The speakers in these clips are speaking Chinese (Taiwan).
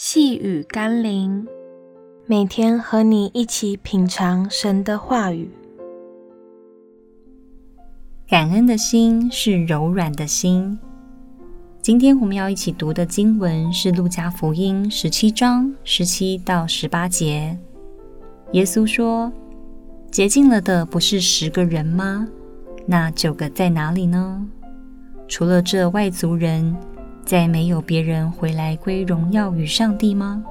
細語甘霖，每天和你一起品嘗神的話語。感恩的心是柔軟的心。今天我們要一起讀的經文是《路加福音》十七章十七到十八節。耶穌說：“潔淨了的不是十個人嗎？那九個在哪裡呢？除了這外族人。”再沒有別人回來歸榮耀與上帝嗎？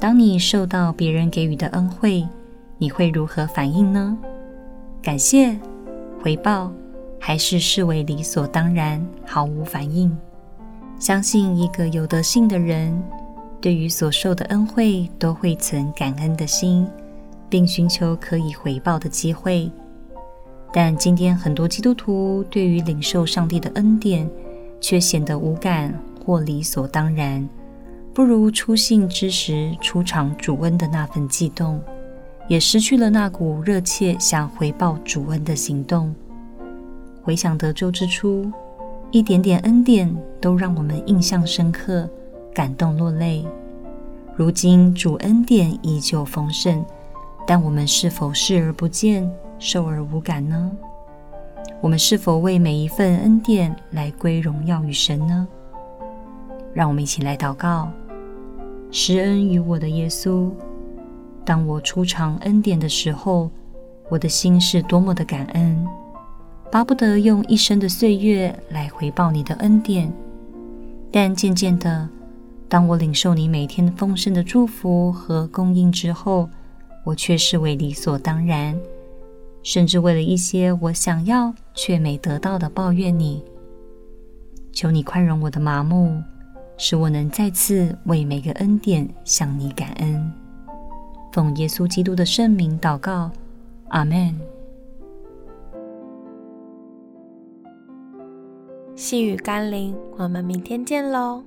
當你受到別人給予的恩惠，你會如何反應呢？感謝、回報，還是視為理所當然，毫無反應？相信一個有德行的人，對於所受的恩惠都會存感恩的心，並尋求可以回報的機會。但今天很多基督徒對於領受上帝的恩典，卻顯得無感或理所當然，不如初信之時初嘗主恩的那份悸動，也失去了那股熱切想回報主恩的行動。回想得救之初，一點點恩典都讓我們印象深刻、感動落淚。如今主恩典依舊豐盛，但我們是否視而不見、受而無感呢？我們是否為每一份恩典來歸榮耀與神呢？讓我們一起來禱告：施恩與我的耶穌，當我初嘗恩典的時候，我的心是多麼的感恩，巴不得用一生的歲月來回報你的恩典。但漸漸的，當我領受你每天豐盛的祝福和供應之後，我卻視為理所當然。甚至為了一些我想要卻沒得到的抱怨你。求你寬容我的麻木，使我能再次為每個恩典向你感恩。奉耶穌基督的聖名禱告，阿門。細語甘霖，我們明天見嘍。